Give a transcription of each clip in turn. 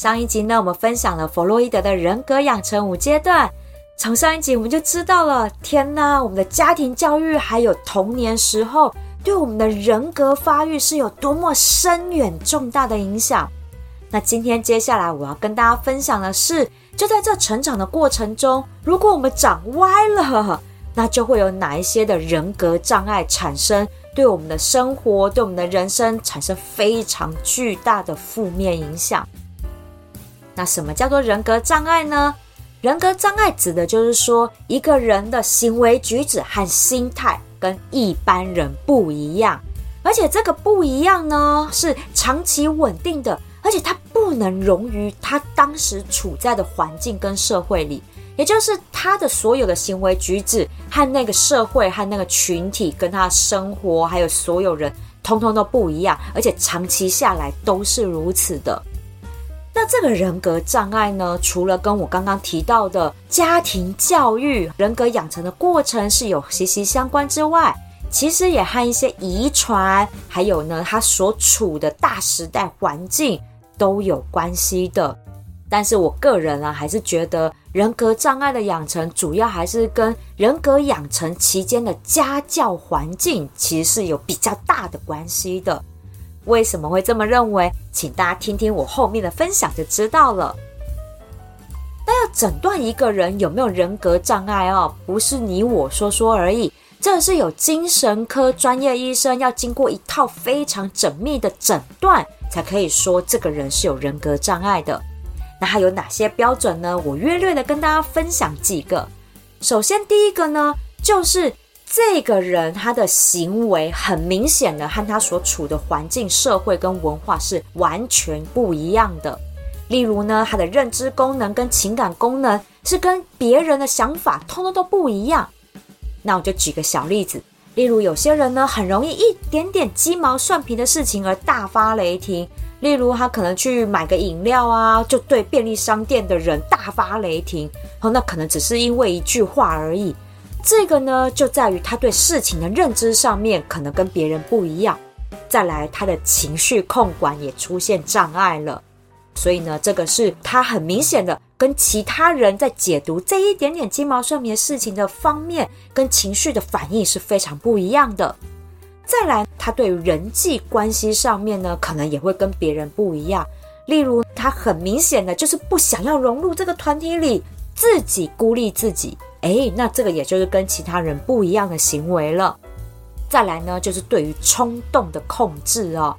上一集呢，我們分享了佛洛伊德的人格養成五階段。從上一集我們就知道了，天吶，我們的家庭教育還有童年時候，對我們的人格發育是有多麼深遠重大的影響。那今天接下來我要跟大家分享的是，就在這成長的過程中，如果我們長歪了，那就會有哪一些的人格障礙產生，對我們的生活，對我們的人生產生非常巨大的負面影響。那什麼叫做人格障礙呢？人格障礙指的就是說，一個人的行為舉止和心態跟一般人不一樣，而且這個不一樣呢是長期穩定的，而且他不能容於他當時處在的環境跟社會裡，也就是他的所有的行為舉止和那個社會和那個群體跟他的生活還有所有人，通通都不一樣，而且長期下來都是如此的。那這個人格障礙呢，除了跟我剛剛提到的家庭教育、人格養成的過程是有息息相關之外，其實也和一些遺傳，還有呢他所處的大時代環境都有關係的。但是我個人啊，還是覺得人格障礙的養成，主要還是跟人格養成期間的家教環境，其實是有比較大的關係的。為什麼會這麼認為？請大家聽聽我後面的分享就知道了。那要診斷一個人有沒有人格障礙哦，不是你我說說而已，這是有精神科專業醫生要經過一套非常縝密的診斷，才可以說這個人是有人格障礙的。那還有哪些標準呢？我略略的跟大家分享幾個。首先第一個呢，就是。這個人他的行為很明顯的和他所處的環境、社會跟文化是完全不一樣的。例如呢，他的認知功能跟情感功能是跟別人的想法通通都不一樣。那我就舉個小例子，例如有些人呢很容易一點點雞毛蒜皮的事情而大發雷霆。例如他可能去買個飲料啊，就對便利商店的人大發雷霆。那可能只是因為一句話而已。這個呢，就在於他對事情的認知上面可能跟別人不一樣。再來，他的情緒控管也出現障礙了，所以呢，這個是他很明顯的跟其他人在解讀這一點點雞毛蒜皮的事情的方面跟情緒的反應是非常不一樣的。再來，他對人際關係上面呢，可能也會跟別人不一樣，例如他很明顯的就是不想要融入這個團體裡，自己孤立自己。誒，那這個也就是跟其他人不一樣的行為了。再來呢，就是對於衝動的控制哦。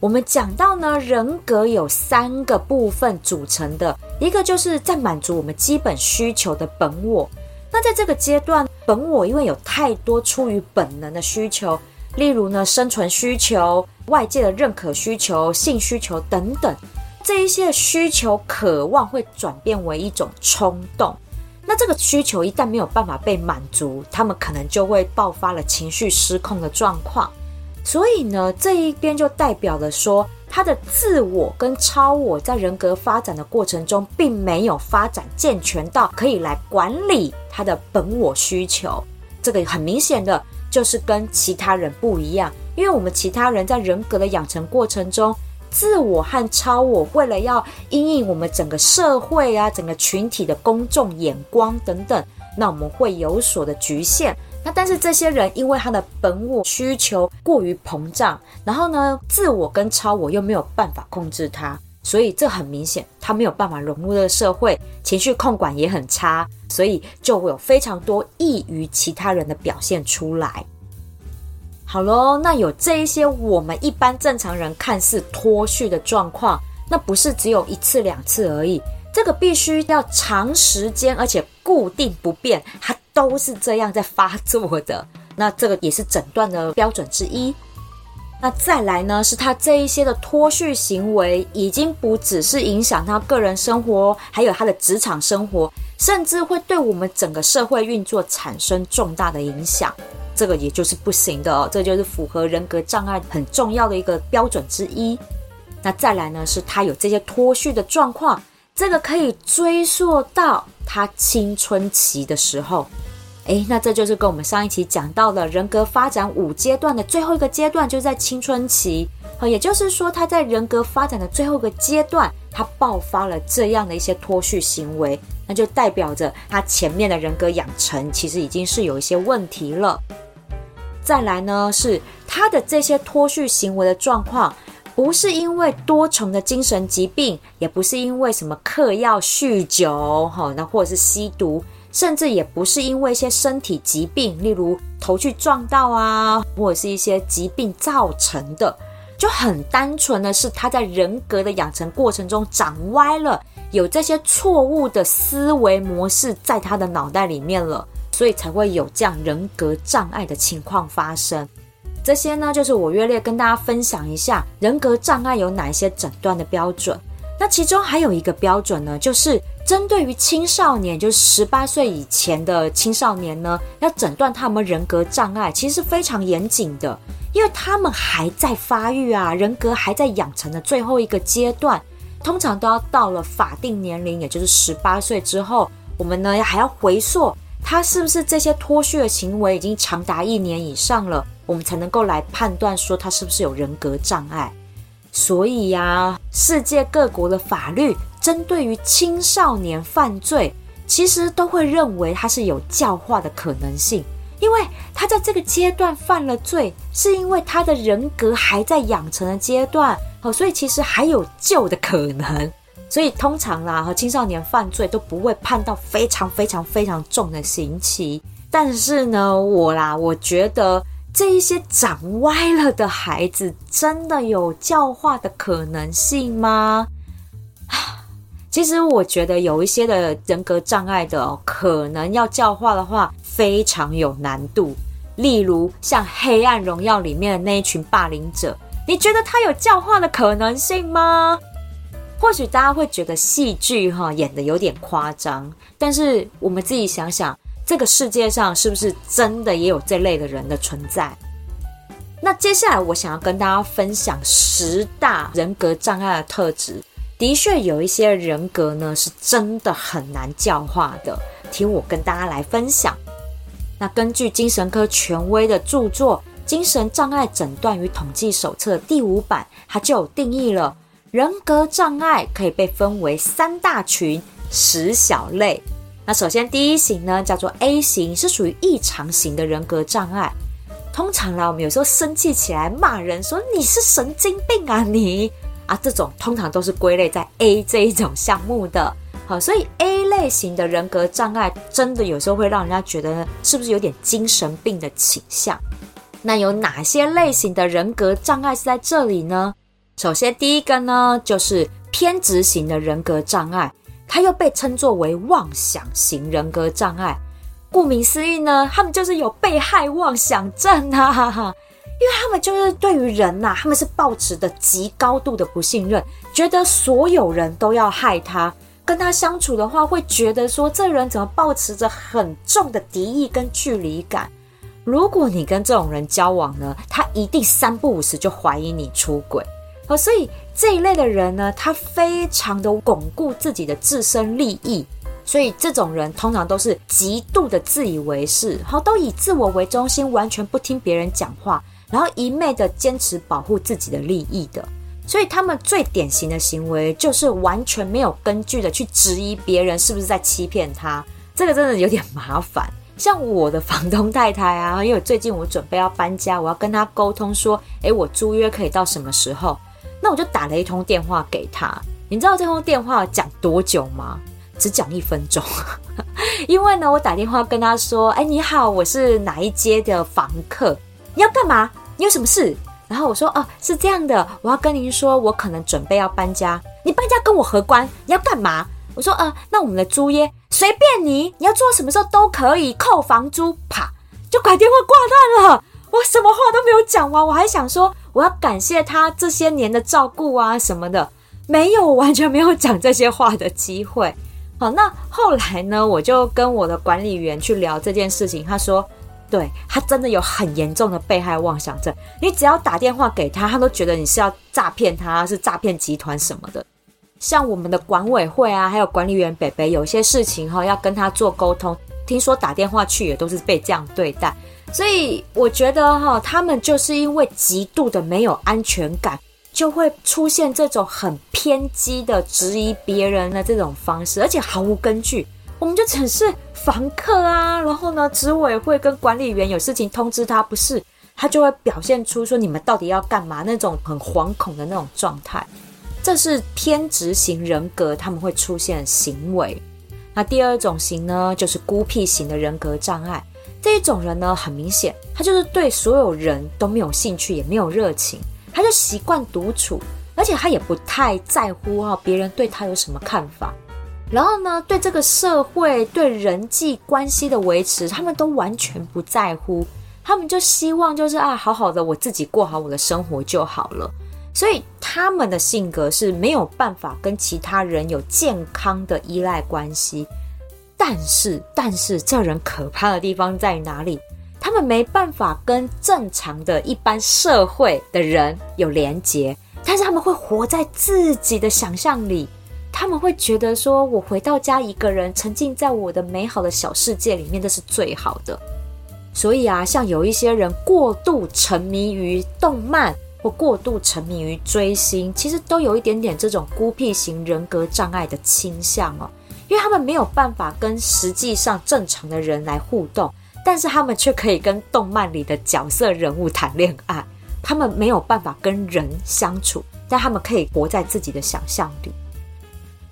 我們講到呢，人格有三個部分組成的，一個就是在滿足我們基本需求的本我。那在這個階段，本我因為有太多出於本能的需求，例如呢，生存需求、外界的認可需求、性需求等等，這一些需求渴望會轉變為一種衝動。那這個需求一旦沒有辦法被滿足，他們可能就會爆發了情緒失控的狀況。所以呢，這一邊就代表了說，他的自我跟超我在人格發展的過程中，並沒有發展健全到可以來管理他的本我需求。這個很明顯的，就是跟其他人不一樣，因為我們其他人在人格的養成過程中。自我和超我為了要因應我們整個社會啊，整個群體的公眾眼光等等，那我們會有所的局限。那但是這些人因為他的本我需求過於膨脹，然後呢，自我跟超我又沒有辦法控制他，所以這很明顯，他沒有辦法融入這個社會，情緒控管也很差，所以就會有非常多異於其他人的表現出來。好咯，那有這一些我們一般正常人看似脫序的狀況，那不是只有一次兩次而已，這個必須要長時間而且固定不變，它都是這樣在發作的。那這個也是診斷的標準之一。那再來呢，是他這一些的脫序行為已經不只是影響他個人生活，還有他的職場生活，甚至會對我們整個社會運作產生重大的影響。這個也就是不行的哦，這就是符合人格障礙很重要的一個標準之一。那再來呢，是他有這些脫序的狀況，這個可以追溯到他青春期的時候。誒，那這就是跟我們上一期講到的人格發展五階段的最後一個階段，就在青春期。也就是說，他在人格發展的最後一個階段，他爆發了這樣的一些脫序行為，那就代表着他前面的人格養成其實已經是有一些問題了。再來呢，是他的這些脫序行為的狀況，不是因為多重的精神疾病，也不是因為什麼嗑藥、酗酒，哈，那或者是吸毒，甚至也不是因為一些身體疾病，例如頭去撞到啊，或者是一些疾病造成的，就很單純的是他在人格的養成過程中長歪了，有這些錯誤的思維模式在他的腦袋裡面了。所以才會有這樣人格障礙的情況發生。這些呢，就是我約略跟大家分享一下人格障礙有哪一些診斷的標準。那其中還有一個標準呢，就是針對於青少年，就是十八歲以前的青少年呢，要診斷他們人格障礙，其實是非常嚴謹的，因為他們還在發育啊，人格還在養成的最後一個階段。通常都要到了法定年齡，也就是十八歲之後，我們呢還要回溯。他是不是這些脫序的行為已經長達一年以上了，我們才能夠來判斷說他是不是有人格障礙。所以呀、啊，世界各國的法律針對於青少年犯罪，其實都會認為他是有教化的可能性，因為他在這個階段犯了罪，是因為他的人格還在養成的階段，哦，所以其實還有救的可能。所以通常啦，和青少年犯罪都不會判到非常非常非常重的刑期。但是呢，我啦，我覺得這一些長歪了的孩子，真的有教化的可能性嗎？啊，其實我覺得有一些的人格障礙的，可能要教化的話，非常有難度。例如像《黑暗榮耀》裡面的那一群霸凌者，你覺得他有教化的可能性嗎？或許大家會覺得戲劇哈演的有點誇張，但是我們自己想想，這個世界上是不是真的也有這類的人的存在？那接下來我想要跟大家分享十大人格障礙的特質。的確有一些人格呢是真的很難教化的。聽我跟大家來分享。那根據精神科權威的著作《精神障礙診斷與統計手冊》第五版，它就有定義了。人格障礙可以被分為三大群十小類。那首先第一型呢，叫做 A 型，是屬於異常型的人格障礙。通常呢，我們有時候生氣起來罵人，說你是神經病啊你啊，這種通常都是歸類在 A 這一種項目的。好，所以 A 類型的人格障礙真的有時候會讓人家覺得呢，是不是有點精神病的傾向？那有哪些類型的人格障礙是在這裡呢？首先，第一個呢，就是偏執型的人格障礙，它又被稱作為妄想型人格障礙。顧名思義呢，他們就是有被害妄想症啊，哈哈，因為他們就是對於人吶、啊，他們是抱持的極高度的不信任，覺得所有人都要害他。跟他相處的話，會覺得說這人怎麼抱持着很重的敵意跟距離感。如果你跟這種人交往呢，他一定三不五時就懷疑你出軌。所以這一類的人呢，他非常的鞏固自己的自身利益，所以這種人通常都是極度的自以為是，好，都以自我為中心，完全不聽別人講話，然後一昧的堅持保護自己的利益的。所以他們最典型的行為就是完全沒有根據的去質疑別人是不是在欺騙他，這個真的有點麻煩。像我的房東太太啊，因為最近我準備要搬家，我要跟他溝通說，哎，我租約可以到什麼時候？那我就打了一通電話給他，你知道這通電話講多久嗎？只講一分鐘。 因為呢，我打電話跟他說：“哎、欸，你好，我是哪一街的房客，你要幹嘛？你有什麼事？”然後我說：“哦、呃，是這樣的，我要跟您說，我可能準備要搬家。你搬家跟我何關？你要幹嘛？”我說：“呃，那我們的租約隨便你，你要做到什麼時候都可以扣房租，啪就把電話掛斷了。”我什麼話都沒有講完，我還想說我要感謝他這些年的照顧啊什麼的，沒有，完全沒有講這些話的機會。好，那後來呢，我就跟我的管理員去聊這件事情，他說，對，他真的有很嚴重的被害妄想症，你只要打電話給他，他都覺得你是要詐騙他，是詐騙集團什麼的。像我們的管委會啊，還有管理員北北，有些事情哈，要跟他做溝通，聽說打電話去也都是被這樣對待。所以我覺得哈、哦，他們就是因為極度的沒有安全感，就會出現這種很偏激的質疑別人的這種方式，而且毫無根據。我們就只是房客啊，然後呢，執委會跟管理員有事情通知他，不是，他就會表現出說，你們到底要幹嘛，那種很惶恐的那種狀態。這是偏執型人格，他們會出現行為。那第二種型呢，就是孤僻型的人格障礙。這一種人呢，很明顯，他就是對所有人都沒有興趣，也沒有熱情，他就習慣獨處，而且他也不太在乎啊，別人對他有什麼看法。然後呢，對這個社會、對人際關係的維持，他們都完全不在乎，他們就希望就是啊，哎，好好的，我自己過好我的生活就好了。所以他們的性格是沒有辦法跟其他人有健康的依賴關係。但是，但是，這人可怕的地方在哪裡？他們沒辦法跟正常的一般社會的人有連接。但是他們會活在自己的想象裡。他們會覺得說，我回到家一個人，沉浸在我的美好的小世界裡面，這是最好的。所以啊，像有一些人過度沉迷於動漫，或過度沉迷於追星，其實都有一點點這種孤僻型人格障礙的傾向哦。因為他們沒有辦法跟實際上正常的人來互動，但是他們卻可以跟動漫裡的角色人物談戀愛。他們沒有辦法跟人相處，但他們可以活在自己的想象裡。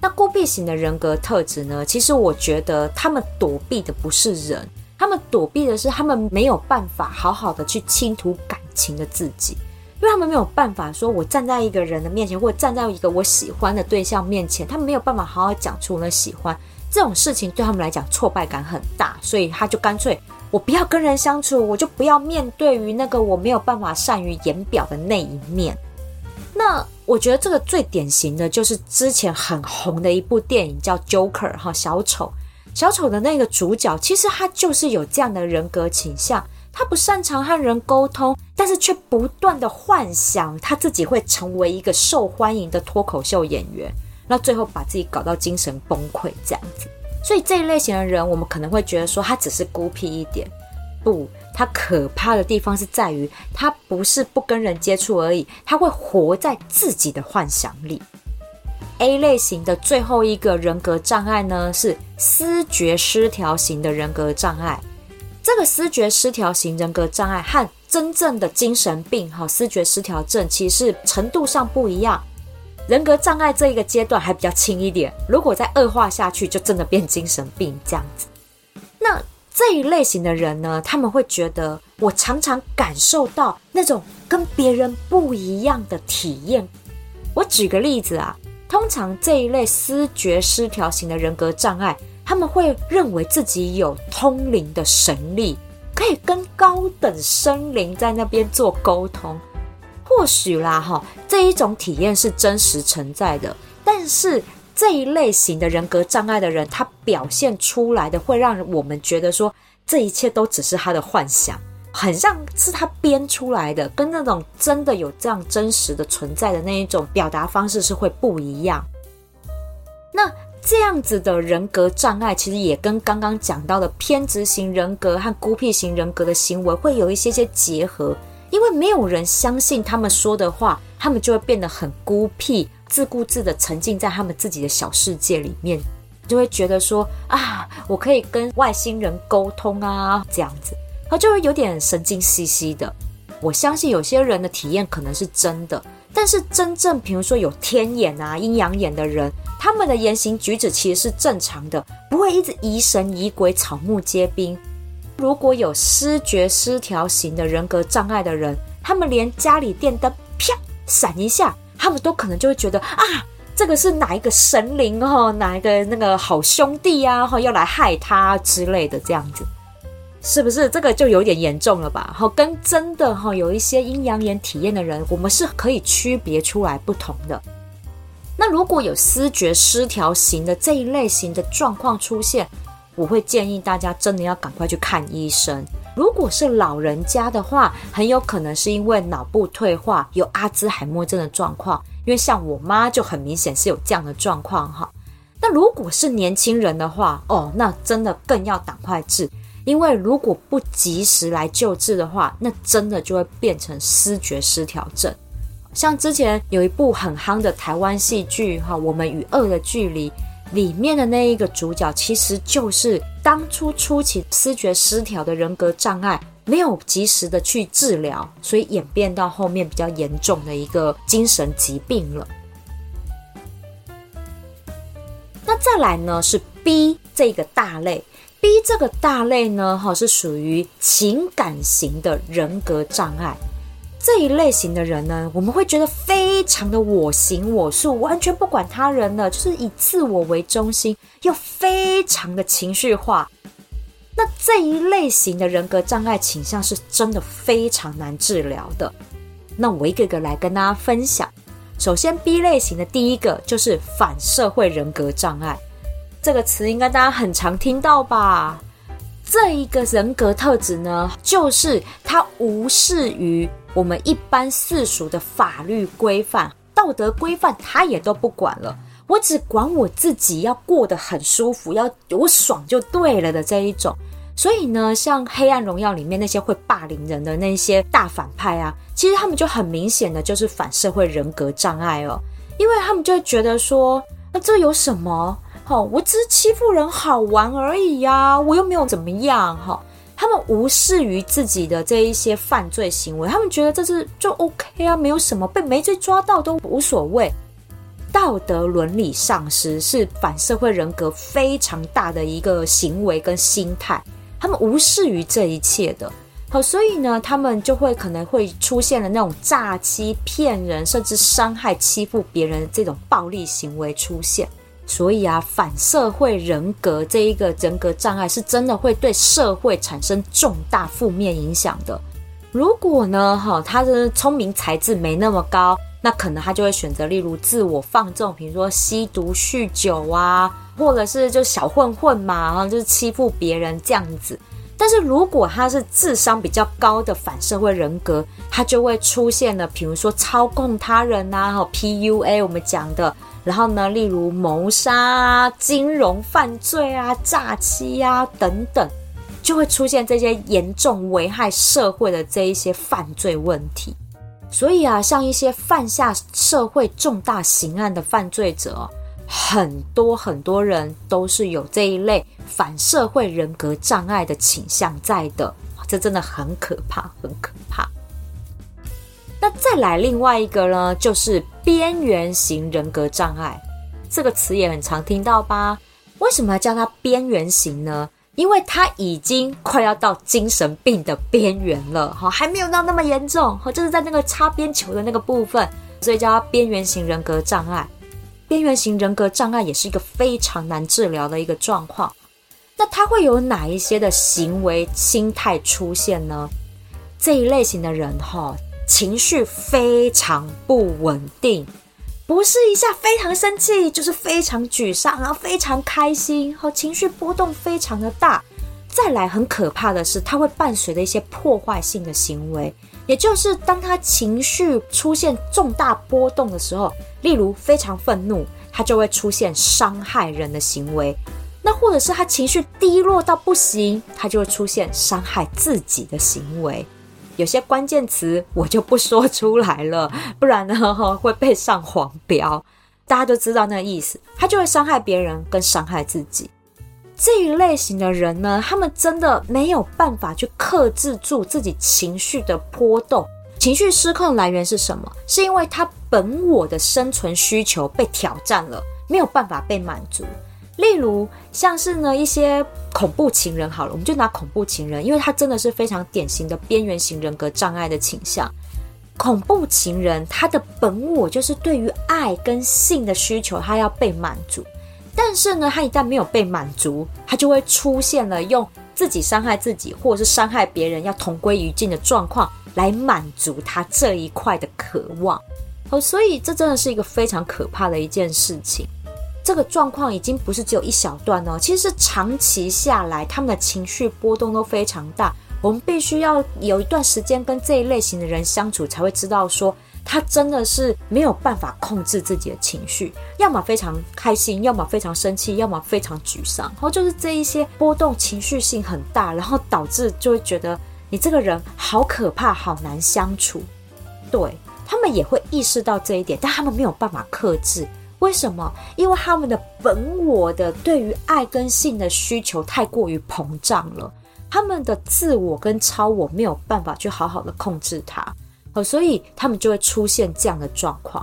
那孤僻型的人格特質呢？其實我覺得他們躲避的不是人，他們躲避的是他們沒有辦法好好的去傾吐感情的自己。因為他們沒有辦法說，我站在一個人的面前，或者站在一個我喜歡的對象面前，他們沒有辦法好好講出我的喜歡這種事情，對他們來講挫敗感很大，所以他就乾脆，我不要跟人相處，我就不要面對於那個我沒有辦法善於言表的那一面。那我覺得這個最典型的就是之前很紅的一部電影叫《Joker》哈，小丑，小丑的那個主角其實他就是有這樣的人格傾向。他不擅長和人溝通，但是卻不斷的幻想他自己會成為一個受歡迎的脫口秀演員，那最後把自己搞到精神崩潰這樣子。所以這一類型的人，我們可能會覺得說他只是孤僻一點，不，他可怕的地方是在於他不是不跟人接觸而已，他會活在自己的幻想裡。A 類型的最後一個人格障礙呢，是思覺失調型的人格障礙。這個思覺失調型人格障礙和真正的精神病，哈、哦，思覺失調症其實程度上不一樣。人格障礙這一個階段還比較輕一點，如果再惡化下去，就真的變精神病這樣子。那這一類型的人呢，他們會覺得我常常感受到那種跟別人不一樣的體驗。我舉個例子啊，通常這一類思覺失調型的人格障礙。他們會認為自己有通靈的神力，可以跟高等生靈在那邊做溝通。或許啦，哈，這一種體驗是真實存在的。但是這一類型的人格障礙的人，他表現出來的會讓我們覺得說，這一切都只是他的幻想，很像是他編出來的，跟那種真的有這樣真實的存在的那一種表達方式是會不一樣。那。這樣子的人格障礙，其實也跟剛剛講到的偏執型人格和孤僻型人格的行為會有一些些結合，因為沒有人相信他們說的話，他們就會變得很孤僻，自顧自的沉浸在他們自己的小世界裡面，就會覺得說啊，我可以跟外星人溝通啊，這樣子，他就會有點神經兮兮的。我相信有些人的體驗可能是真的，但是真正，比如說有天眼啊、陰陽眼的人。他們的言行舉止其實是正常的，不會一直疑神疑鬼、草木皆兵。如果有失覺失調型的人格障礙的人，他們連家裡電燈啪閃一下，他們都可能就會覺得啊，這個是哪一個神靈哦，哪一個那個好兄弟啊，要來害他之類的，這樣子是不是？這個就有點嚴重了吧？哈，跟真的哈，有一些陰陽眼體驗的人，我們是可以區別出來不同的。那如果有思覺失調型的這一類型的狀況出現，我會建議大家真的要趕快去看醫生。如果是老人家的話，很有可能是因為腦部退化，有阿茲海默症的狀況，因為像我媽就很明顯是有這樣的狀況哈。那如果是年輕人的話，哦，那真的更要趕快治，因為如果不及時來救治的話，那真的就會變成思覺失調症。像之前有一部很夯的台灣戲劇哈，《我們與惡的距離》裡面的那一個主角，其實就是當初初期思覺失調的人格障礙，沒有及時的去治療，所以演變到後面比較嚴重的一個精神疾病了。那再來呢，是 B 這個大類，B 這個大類呢，哈，是屬於情感型的人格障礙。這一類型的人呢，我們會覺得非常的我行我素，完全不管他人了，就是以自我為中心，又非常的情緒化。那這一類型的人格障礙傾向是真的非常難治療的。那我一個一個來跟大家分享。首先 B 類型的第一個就是反社會人格障礙，這個詞應該大家很常聽到吧？這一個人格特質呢，就是他無視於。我們一般世俗的法律規範、道德規範，他也都不管了。我只管我自己要過得很舒服，要我爽就對了的這一種。所以呢，像《黑暗榮耀》裡面那些會霸凌人的那些大反派啊，其實他們就很明顯的就是反社會人格障礙哦，因為他們就會覺得說，那這有什麼？哦，我只是欺負人好玩而已呀，啊，我又沒有怎麼樣，哦，哈。他們無視於自己的這一些犯罪行為，他們覺得這是就 OK 啊，沒有什麼被沒罪抓到都無所謂。道德倫理喪失是反社會人格非常大的一個行為跟心態，他們無視於這一切的。好，所以呢，他們就會可能會出現了那種詐欺騙人，甚至傷害欺負別人這種暴力行為出現。所以啊，反社會人格這一個人格障礙是真的會對社會產生重大負面影響的。如果呢，哈、哦，他的聰明才智沒那麼高，那可能他就會選擇，例如自我放縱，比如說吸毒、酗酒啊，或者是就小混混嘛，啊，就是欺負別人這樣子。但是如果他是智商比較高的反社會人格，他就會出現了，比如說操控他人吶、啊、哈、哦，PUA，我們講的。然後呢，例如謀殺啊、金融犯罪啊、詐欺啊等等，就會出現這些嚴重危害社會的這一些犯罪問題。所以啊，像一些犯下社會重大刑案的犯罪者，很多很多人都是有這一類反社會人格障礙的傾向在的。哇，這真的很可怕，很可怕。那再來另外一個呢，就是邊緣型人格障礙，這個詞也很常聽到吧？為什麼要叫它邊緣型呢？因為它已經快要到精神病的邊緣了，哈，還沒有到那麼嚴重，哈，就是在那個擦邊球的那個部分，所以叫它邊緣型人格障礙。邊緣型人格障礙也是一個非常難治療的一個狀況。那它會有哪一些的行為心態出現呢？這一類型的人，哦，哈。情緒非常不穩定，不是一下非常生氣，就是非常沮喪啊，然後非常開心，和情緒波動非常的大。再來，很可怕的是，他會伴隨着一些破壞性的行為，也就是當他情緒出現重大波動的時候，例如非常憤怒，他就會出現傷害人的行為；那或者是他情緒低落到不行，他就會出現傷害自己的行為。有些關鍵詞我就不說出來了，不然呢，會被上黃標。大家都知道那個意思，他就會傷害別人，跟傷害自己。這一類型的人呢，他們真的沒有辦法去克制住自己情緒的波動。情緒失控來源是什麼？是因為他本我的生存需求被挑戰了，沒有辦法被滿足。例如，像是呢一些恐怖情人好了，我們就拿恐怖情人，因為他真的是非常典型的邊緣型人格障礙的傾向。恐怖情人他的本我就是對於愛跟性的需求，他要被滿足。但是呢，他一旦沒有被滿足，他就會出現了用自己傷害自己，或者是傷害別人，要同歸於盡的狀況來滿足他這一塊的渴望。哦，所以這真的是一個非常可怕的一件事情。這個狀況已經不是只有一小段了哦，其實是長期下來，他們的情緒波動都非常大。我們必須要有一段時間跟這一類型的人相處，才會知道說他真的是沒有辦法控制自己的情緒，要麼非常開心，要麼非常生氣，要麼非常沮喪。然後就是這一些波動情緒性很大，然後導致就會覺得你這個人好可怕，好難相處。對，他們也會意識到這一點，但他們沒有辦法克制。為什麼？因為他們的本我的對於愛跟性的需求太過於膨脹了，他們的自我跟超我沒有辦法去好好的控制它，哦，所以他們就會出現這樣的狀況。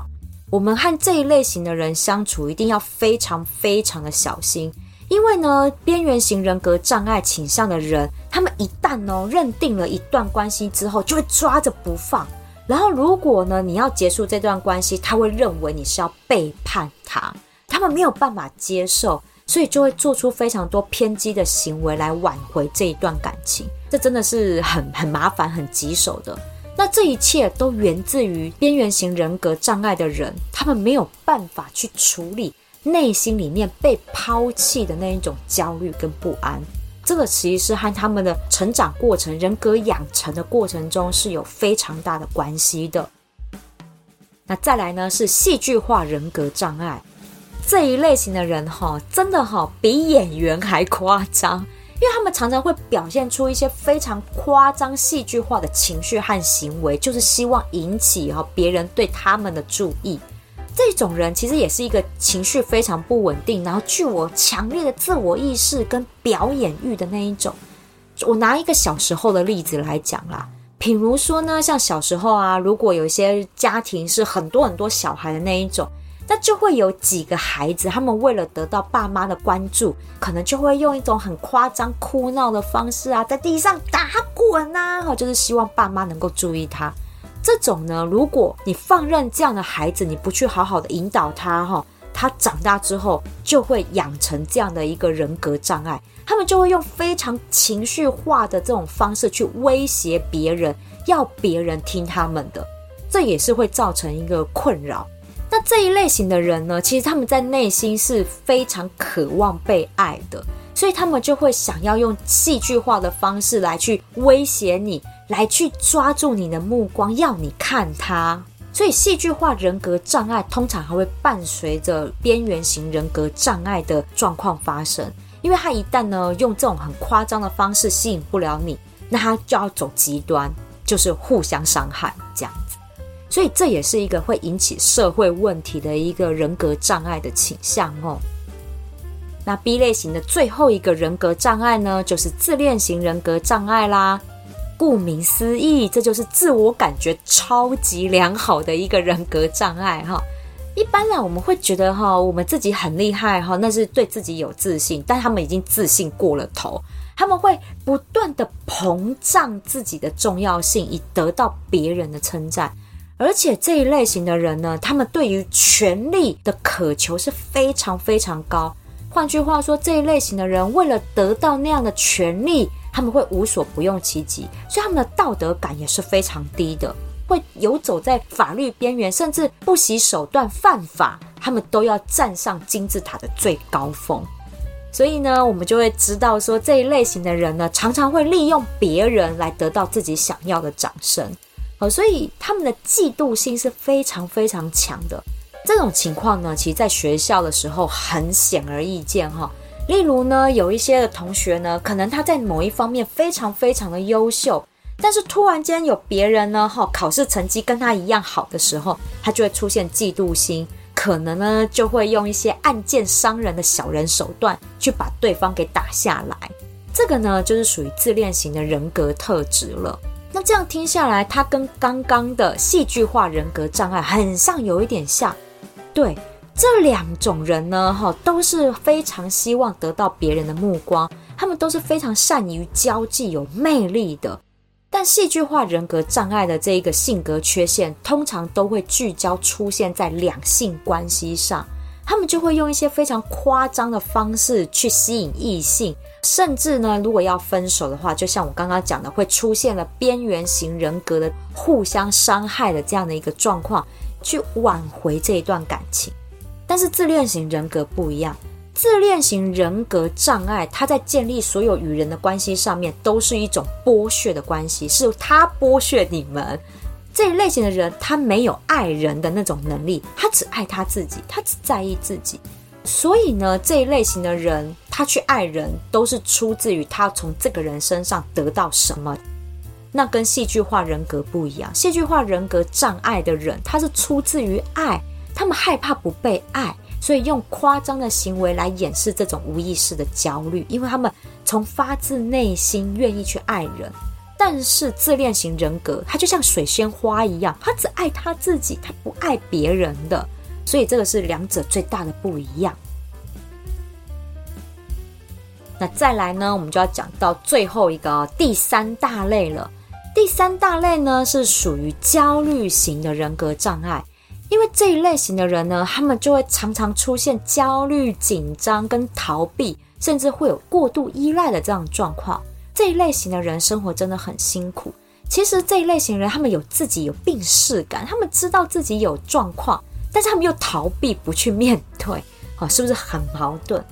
我們和這一類型的人相處一定要非常非常的小心，因為呢，邊緣型人格障礙傾向的人，他們一旦哦認定了一段關係之後，就會抓着不放。然後，如果呢，你要結束這段關係，他會認為你是要背叛他，他們沒有辦法接受，所以就會做出非常多偏激的行為來挽回這一段感情。這真的是很、很麻煩、很棘手的。那這一切都源自於邊緣型人格障礙的人，他們沒有辦法去處理內心裡面被拋棄的那一種焦慮跟不安。這個其實是和他們的成長過程、人格養成的過程中是有非常大的關係的。那再來呢，是戲劇化人格障礙這一類型的人哈、哦，真的哈、哦，比演員還誇張，因為他們常常會表現出一些非常誇張、戲劇化的情緒和行為，就是希望引起哈別人對他們的注意。這種人其實也是一個情緒非常不穩定，然後具有強烈的自我意識跟表演慾的那一種。我拿一個小時候的例子來講啦，譬如說呢，像小時候啊，如果有一些家庭是很多很多小孩的那一種，那就會有幾個孩子，他們為了得到爸媽的關注，可能就會用一種很誇張哭鬧的方式啊，在地上打滾吶、啊，就是希望爸媽能夠注意他。這種呢，如果你放任這樣的孩子，你不去好好的引導他，哈，他長大之後就會養成這樣的一個人格障礙，他們就會用非常情緒化的這種方式去威脅別人，要別人聽他們的，這也是會造成一個困擾。那這一類型的人呢，其實他們在內心是非常渴望被愛的，所以他們就會想要用戲劇化的方式來去威脅你。來去抓住你的目光，要你看他。所以戲劇化人格障礙通常還會伴隨着邊緣型人格障礙的狀況發生，因為他一旦呢用這種很誇張的方式吸引不了你，那他就要走極端，就是互相傷害這樣子。所以這也是一個會引起社會問題的一個人格障礙的傾向哦。那 B 類型的最後一個人格障礙呢，就是自戀型人格障礙啦。顧名思義，這就是自我感覺超級良好的一個人格障礙哈。一般呢，我們會覺得哈，我們自己很厲害哈，那是對自己有自信，但他們已經自信過了頭，他們會不斷的膨脹自己的重要性，以得到別人的稱讚。而且這一類型的人呢，他們對於權力的渴求是非常非常高。換句話說，這一類型的人為了得到那樣的權力，他們會無所不用其極，所以他們的道德感也是非常低的，會遊走在法律邊緣，甚至不惜手段犯法，他們都要站上金字塔的最高峰。所以呢，我們就會知道說，這一類型的人呢，常常會利用別人來得到自己想要的掌聲，哦，所以他們的嫉妒心是非常非常強的。這種情況呢，其實在學校的時候很顯而易見哈，哦。例如呢，有一些的同學呢，可能他在某一方面非常非常的優秀，但是突然間有別人呢，哈，考試成績跟他一樣好的時候，他就會出現嫉妒心，可能呢就會用一些暗箭傷人的小人手段去把對方給打下來。這個呢就是屬於自戀型的人格特質了。那這樣聽下來，他跟剛剛的戲劇化人格障礙很像，有一點像，對。這兩種人呢，哈，都是非常希望得到別人的目光，他們都是非常善於交際、有魅力的。但戲劇化人格障礙的這一個性格缺陷，通常都會聚焦出現在兩性關係上，他們就會用一些非常誇張的方式去吸引異性，甚至呢，如果要分手的話，就像我剛剛講的，會出現了邊緣型人格的互相傷害的這樣的一個狀況，去挽回這一段感情。但是自戀型人格不一樣，自戀型人格障礙，他在建立所有與人的關係上面，都是一種剝削的關係，是他剝削你們。這一類型的人，他沒有愛人的那種能力，他只愛他自己，他只在意自己。所以呢，這一類型的人，他去愛人，都是出自於他從這個人身上得到什麼。那跟戲劇化人格不一樣，戲劇化人格障礙的人，他是出自於愛。他們害怕不被愛，所以用誇張的行為來掩飾這種無意識的焦慮。因為他們從發自內心願意去愛人，但是自戀型人格，他就像水仙花一樣，他只愛他自己，他不愛別人的。所以這個是兩者最大的不一樣。那再來呢，我們就要講到最後一個、哦、第三大類了。第三大類呢是屬於焦慮型的人格障礙。因為這一類型的人呢，他們就會常常出現焦慮、緊張跟逃避，甚至會有過度依賴的這樣狀況。這一類型的人生活真的很辛苦。其實這一類型人他們有自己有病恥感，他們知道自己有狀況，但是他們又逃避不去面對，啊，是不是很矛盾？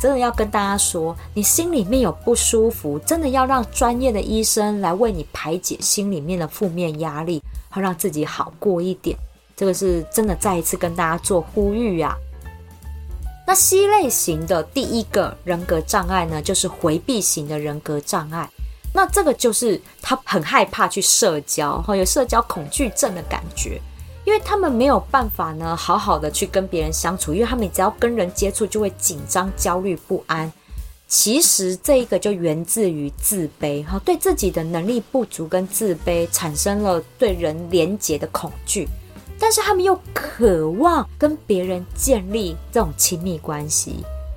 真的要跟大家說，你心裡面有不舒服，真的要讓專業的醫生來為你排解心裡面的負面壓力，好讓自己好過一點。這個是真的，再一次跟大家做呼籲呀、啊。那 C 類型的第一個人格障礙呢，就是回避型的人格障礙。那這個就是他很害怕去社交，哈，有社交恐懼症的感覺，因為他們沒有辦法呢，好好的去跟別人相處，因為他們只要跟人接觸就會緊張、焦慮、不安。其實這一個就源自於自卑，哈，對自己的能力不足跟自卑產生了對人連結的恐懼。但是他們又渴望跟別人建立這種親密關係，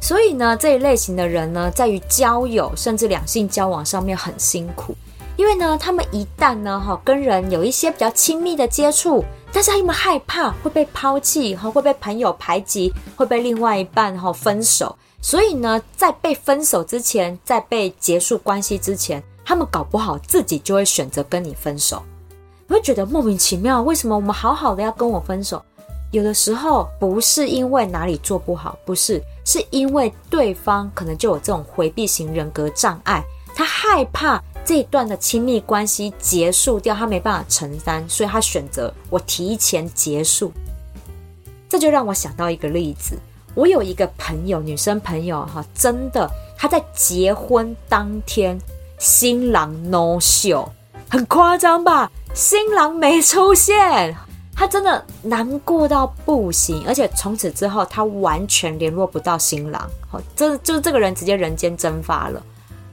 所以呢，這一類型的人呢，在於交友甚至兩性交往上面很辛苦，因為呢，他們一旦呢，哈，跟人有一些比較親密的接觸，但是他們害怕會被拋棄，哈，會被朋友排擠，會被另外一半，哈，分手，所以呢，在被分手之前，在被結束關係之前，他們搞不好自己就會選擇跟你分手。我會覺得莫名其妙，為什麼我們好好的要跟我分手？有的時候不是因為哪裡做不好，不是，是因為對方可能就有這種回避型人格障礙，他害怕這一段的親密關係結束掉，他沒辦法承擔，所以他選擇我提前結束。這就讓我想到一個例子，我有一個朋友，女生朋友哈，真的，她在結婚當天，新郎 no show 很誇張吧？新郎沒出現，他真的難過到不行，而且從此之後他完全聯絡不到新郎，好、哦，就是這個人直接人間蒸發了。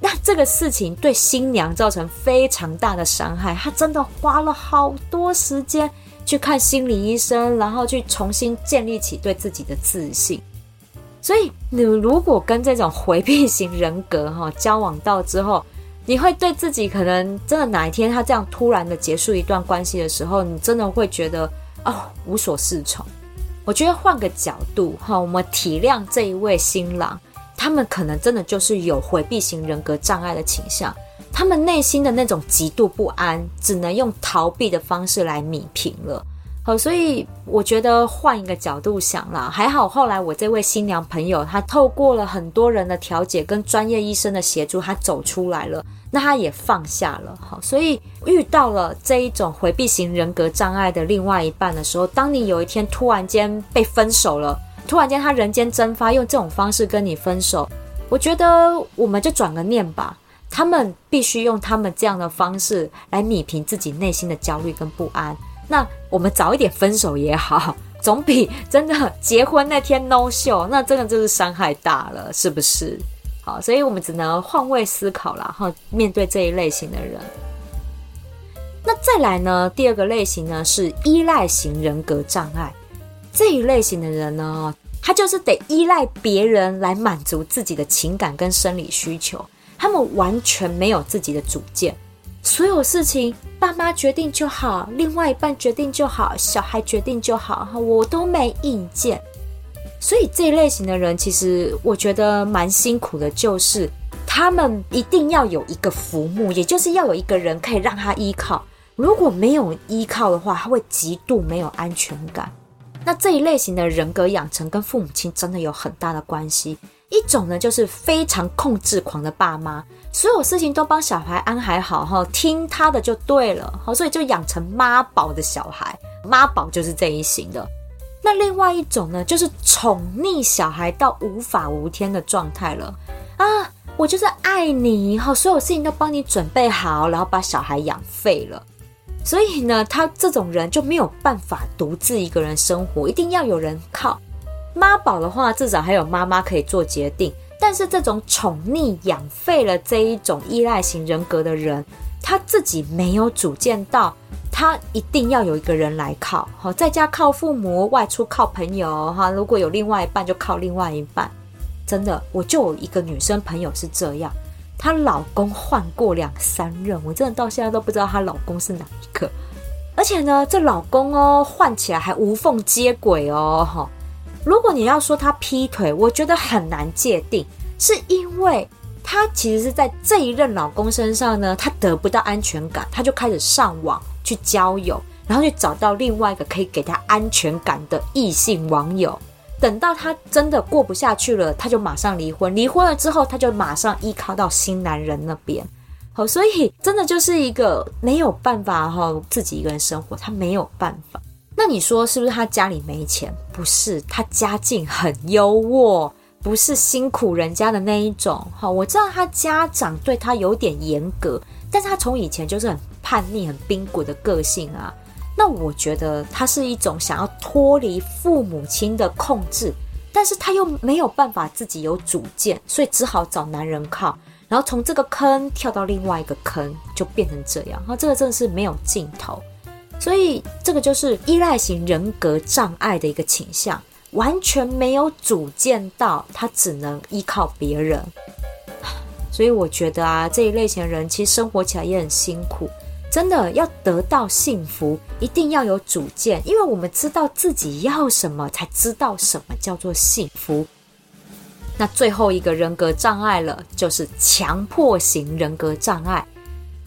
那這個事情對新娘造成非常大的傷害，他真的花了好多時間去看心理醫生，然後去重新建立起對自己的自信。所以，你如果跟這種回避型人格哈、哦、交往到之後，你會對自己，可能真的哪一天他這樣突然的結束一段關係的時候，你真的會覺得哦，無所適從。我覺得換個角度哈，我們體諒這一位新郎，他們可能真的就是有回避型人格障礙的傾向，他們內心的那種極度不安，只能用逃避的方式來彌平了。好，所以我覺得換一個角度想啦。還好後來我這位新娘朋友，她透過了很多人的調解跟專業醫生的協助，她走出來了，那她也放下了。好，所以遇到了這一種回避型人格障礙的另外一半的時候，當你有一天突然間被分手了，突然間他人間蒸發，用這種方式跟你分手，我覺得我們就轉個念吧。他們必須用他們這樣的方式來弭平自己內心的焦慮跟不安。那我們早一點分手也好，總比真的結婚那天 no show。那真的就是傷害大了，是不是？好，所以我們只能換位思考，然後面對這一類型的人。那再來呢？第二個類型呢是依賴型人格障礙。這一類型的人呢，他就是得依賴別人來滿足自己的情感跟生理需求，他們完全沒有自己的主見。所有事情，爸媽決定就好，另外一半決定就好，小孩決定就好，我都沒意見。所以這一類型的人，其實我覺得蠻辛苦的，就是他們一定要有一個浮木，也就是要有一個人可以讓他依靠。如果沒有依靠的話，他會極度沒有安全感。那這一類型的人格養成，跟父母親真的有很大的關係。一種呢，就是非常控制狂的爸媽，所有事情都幫小孩安排好哈，聽他的就對了好，所以就養成媽寶的小孩，媽寶就是這一型的。那另外一種呢，就是寵溺小孩到無法無天的狀態了啊，我就是愛你，所有事情都幫你準備好，然後把小孩養廢了。所以呢，他這種人就沒有辦法獨自一個人生活，一定要有人靠。媽寶的話，至少還有媽媽可以做決定。但是這種寵溺養廢了這一種依賴型人格的人，他自己沒有主見，到他一定要有一個人來靠。好，在家靠父母，外出靠朋友。哈，如果有另外一半，就靠另外一半。真的，我就有一個女生朋友是這樣，她老公換過兩三任，我真的到現在都不知道她老公是哪一個。而且呢，這老公哦，換起來還無縫接軌哦，哈。如果你要說她劈腿，我覺得很難界定，是因為她其實是在這一任老公身上呢，她得不到安全感，她就開始上網去交友，然後去找到另外一個可以給她安全感的異性網友。等到她真的過不下去了，她就馬上離婚，離婚了之後，她就馬上依靠到新男人那邊。好，所以真的就是一個沒有辦法哈、哦，自己一個人生活，她沒有辦法。那你說是不是他家裡沒錢？不是，他家境很優渥，不是辛苦人家的那一種。好、哦，我知道他家長對他有點嚴格，但是他從以前就是很叛逆、很冰骨的個性啊。那我覺得他是一種想要脫離父母親的控制，但是他又沒有辦法自己有主見，所以只好找男人靠，然後從這個坑跳到另外一個坑，就變成這樣。然、哦、後這個真的是沒有盡頭。所以，這個就是依賴型人格障礙的一個傾向，完全沒有主見，到他只能依靠別人。所以，我覺得啊，這一類型的人其實生活起來也很辛苦。真的要得到幸福，一定要有主見，因為我們知道自己要什麼，才知道什麼叫做幸福。那最後一個人格障礙了，就是強迫型人格障礙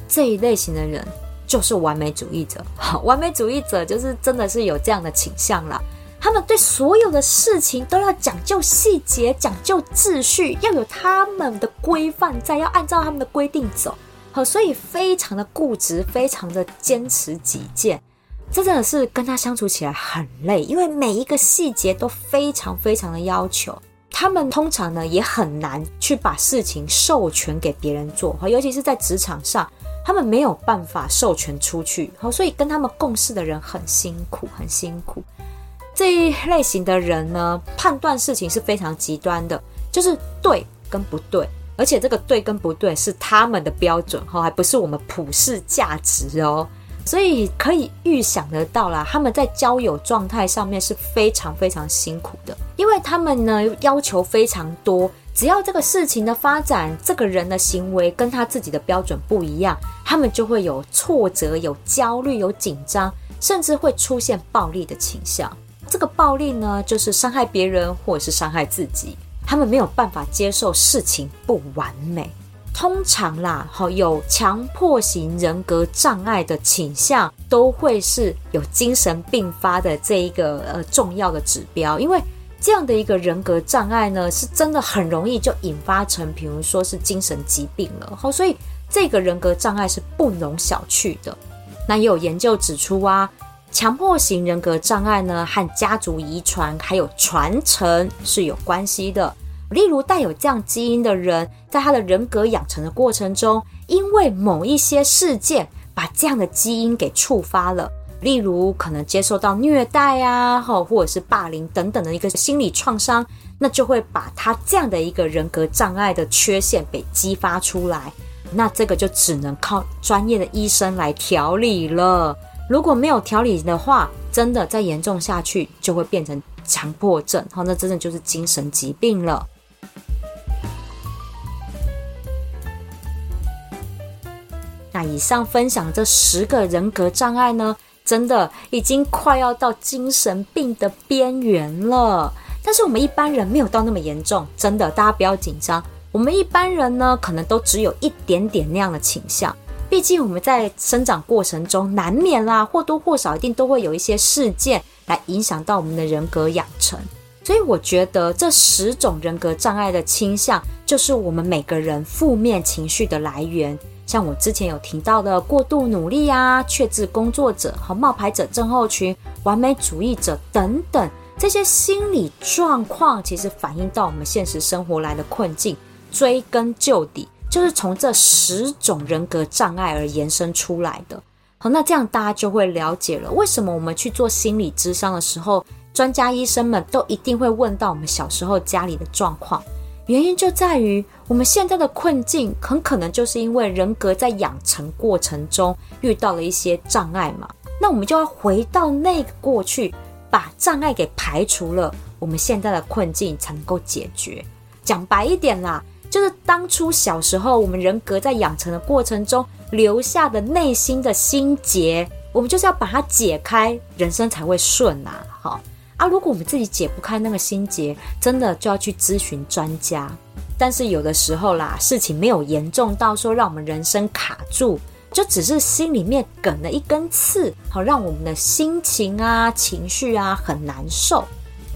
這一類型的人。就是完美主義者，完美主義者就是真的是有這樣的傾向了。他們對所有的事情都要講究細節，講究秩序，要有他們的規範在，要按照他們的規定走，所以非常的固執，非常的堅持己見，這真的是跟他相處起來很累，因為每一個細節都非常非常的要求。他們通常呢也很難去把事情授權給別人做，尤其是在職場上。他們沒有辦法授權出去，所以跟他們共事的人很辛苦，很辛苦。這一類型的人呢，判斷事情是非常極端的，就是對跟不對，而且這個對跟不對是他們的標準，還不是我們普世價值哦。所以可以預想得到啦，他們在交友狀態上面是非常非常辛苦的，因為他們呢要求非常多。只要這個事情的發展，這個人的行為跟他自己的標準不一樣，他們就會有挫折、有焦慮、有緊張，甚至會出現暴力的傾向。這個暴力呢，就是傷害別人或者是傷害自己。他們沒有辦法接受事情不完美。通常啦，好，有強迫型人格障礙的傾向，都會是有精神病發的這一個呃重要的指標，因為。這樣的一個人格障礙呢，是真的很容易就引發成，比如說是精神疾病了。所以這個人格障礙是不容小覷的。那也有研究指出啊，強迫型人格障礙呢和家族遺傳還有傳承是有關係的。例如帶有這樣基因的人，在他的人格養成的過程中，因為某一些事件把這樣的基因給觸發了。例如可能接受到虐待啊，或者是霸凌等等的一個心理創傷，那就會把他這樣的一個人格障礙的缺陷被激發出來，那這個就只能靠專業的醫生來調理了。如果沒有調理的話，真的再嚴重下去就會變成強迫症，那真的就是精神疾病了。那以上分享這十個人格障礙呢，真的已經快要到精神病的邊緣了，但是我們一般人沒有到那麼嚴重，真的，大家不要緊張。我們一般人呢，可能都只有一點點那樣的傾向。畢竟我們在生長過程中，難免啦、啊，或多或少一定都會有一些事件來影響到我們的人格養成。所以我覺得這十種人格障礙的傾向，就是我們每個人負面情緒的來源。像我之前有提到的過度努力呀、啊、缺職工作者和冒牌者症候群、完美主義者等等這些心理狀況，其實反映到我們現實生活來的困境，追根究底就是從這十種人格障礙而延伸出來的。好，那這樣大家就會了解了，為什麼我們去做心理諮商的時候，專家醫生們都一定會問到我們小時候家裡的狀況。原因就在於我們現在的困境，很可能就是因為人格在養成過程中遇到了一些障礙嘛。那我們就要回到那個過去，把障礙給排除了，我們現在的困境才能夠解決。講白一點啦，就是當初小時候我們人格在養成的過程中留下的內心的心結，我們就是要把它解開，人生才會順吶、啊。啊，如果我們自己解不開那個心結，真的就要去諮詢專家。但是有的時候啦，事情沒有嚴重到說讓我們人生卡住，就只是心裡面梗了一根刺，好讓我們的心情啊、情緒啊，很難受。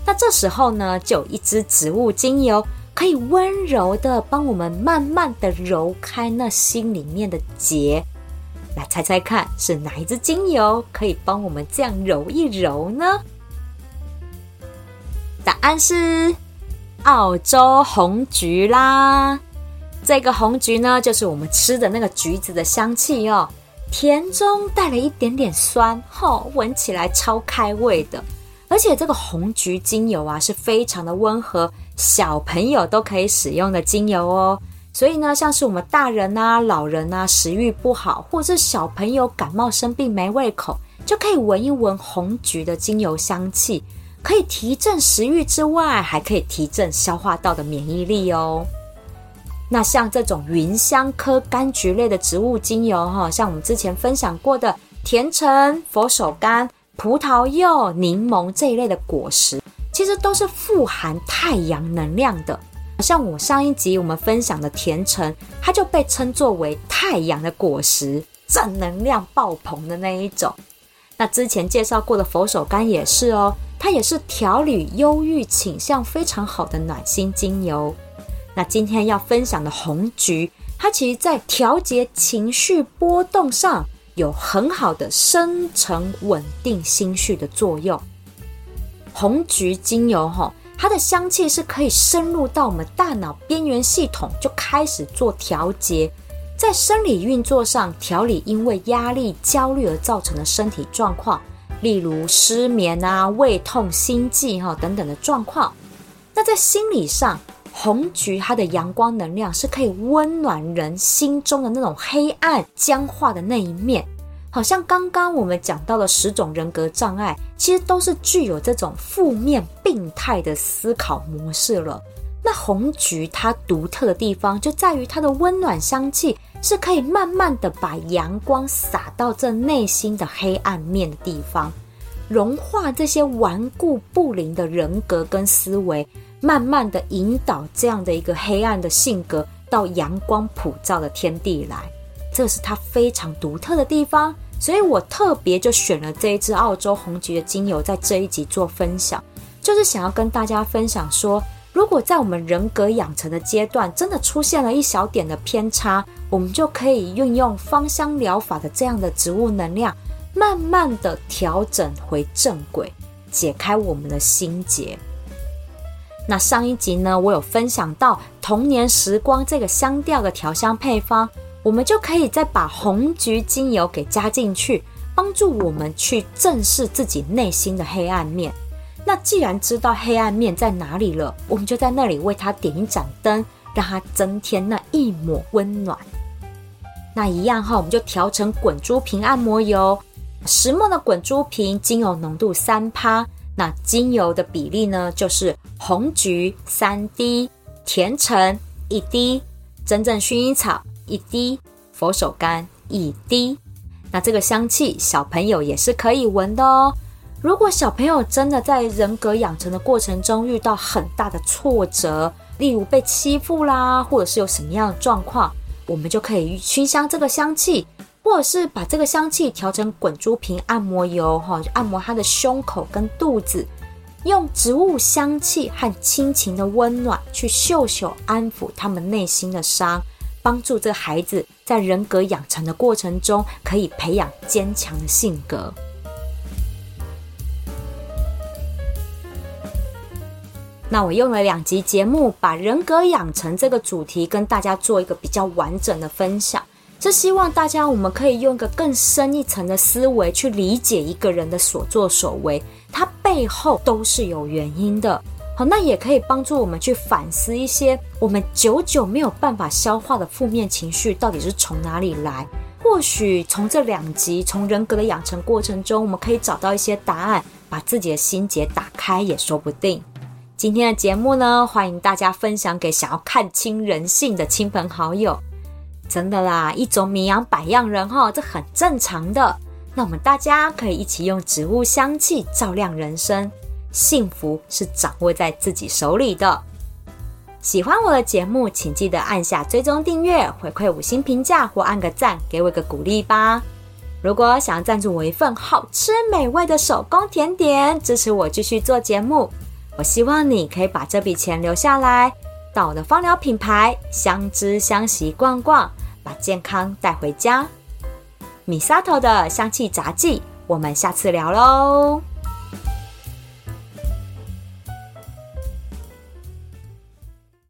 那這時候呢，就有一支植物精油可以溫柔的幫我們慢慢的揉開那心裡面的結。來猜猜看，是哪一支精油可以幫我們這樣揉一揉呢？答案是澳洲紅橘啦！這個紅橘呢，就是我們吃的那個橘子的香氣哦，甜中帶了一點點酸，哈、哦，聞起來超開胃的。而且這個紅橘精油啊，是非常的溫和，小朋友都可以使用的精油哦。所以呢，像是我們大人啊、老人啊，食慾不好，或者是小朋友感冒生病沒胃口，就可以聞一聞紅橘的精油香氣。可以提振食慾之外，還可以提振消化道的免疫力哦。那像這種芸香科柑橘類的植物精油，哈，像我們之前分享過的甜橙、佛手柑、葡萄柚、檸檬這一類的果實，其實都是富含太陽能量的。像我上一集我們分享的甜橙，它就被稱作為太陽的果實，正能量爆棚的那一種。那之前介紹過的佛手柑也是哦，它也是調理憂鬱傾向非常好的暖心精油。那今天要分享的紅桔，它其實在調節情緒波動上有很好的深層穩定心緒的作用。紅桔精油吼、哦，它的香氣是可以深入到我們大腦邊緣系統，就開始做調節。在生理運作上，調理因為壓力、焦慮而造成的身體狀況，例如失眠啊、胃痛、心悸、哦、等等的狀況。那在心理上，紅桔它的陽光能量是可以溫暖人心中的那種黑暗僵化的那一面。好像剛剛我們講到的十種人格障礙，其實都是具有這種負面病態的思考模式了。那紅桔它獨特的地方就在於它的溫暖香氣是可以慢慢的把陽光灑到這內心的黑暗面的地方，融化這些頑固不靈的人格跟思維，慢慢的引導這樣的一個黑暗的性格到陽光普照的天地來，這是它非常獨特的地方。所以我特別就選了這一支澳洲紅桔的精油，在這一集做分享，就是想要跟大家分享說。如果在我們人格養成的階段，真的出現了一小點的偏差，我們就可以運用芳香療法的這樣的植物能量，慢慢的調整回正軌，解開我們的心結。那上一集呢，我有分享到童年時光這個香調的調香配方，我們就可以再把紅桔精油給加進去，幫助我們去正視自己內心的黑暗面。那既然知道黑暗面在哪裡了，我們就在那裡為它點一盞燈，讓它增添那一抹溫暖。那一樣哈、哦，我們就調成滾珠瓶按摩油，10ml 的滾珠瓶，精油濃度三趴。那精油的比例呢，就是紅桔三滴，甜橙一滴，真正薰衣草一滴，佛手柑一滴。那這個香氣，小朋友也是可以聞的哦。如果小朋友真的在人格養成的過程中遇到很大的挫折，例如被欺負啦，或者是有什麼樣的狀況，我們就可以熏香這個香氣，或者是把這個香氣調成滾珠瓶按摩油，哈、哦，按摩他的胸口跟肚子，用植物香氣和親情的溫暖去嗅嗅安撫他們內心的傷，幫助這個孩子在人格養成的過程中可以培養堅強的性格。那我用了兩集節目，把人格養成這個主題跟大家做一個比較完整的分享。這希望大家我們可以用一個更深一層的思維去理解一個人的所作所為，它背後都是有原因的。好，那也可以幫助我們去反思一些我們久久沒有辦法消化的負面情緒到底是從哪裡來？或許從這兩集，從人格的養成過程中，我們可以找到一些答案，把自己的心結打開也說不定。今天的節目呢，歡迎大家分享給想要看清人性的親朋好友。真的啦，一種米養百樣人哈、哦，這很正常的。那我們大家可以一起用植物香氣照亮人生，幸福是掌握在自己手裡的。喜歡我的節目，請記得按下追蹤訂閱，回饋五星評價或按個讚，給我個鼓勵吧。如果想要贊助我一份好吃美味的手工甜點，支持我繼續做節目。我希望你可以把這筆錢留下來，到我的芳療品牌相知相習逛逛，把健康帶回家。米沙 o 的香氣雜技，我們下次聊嘍。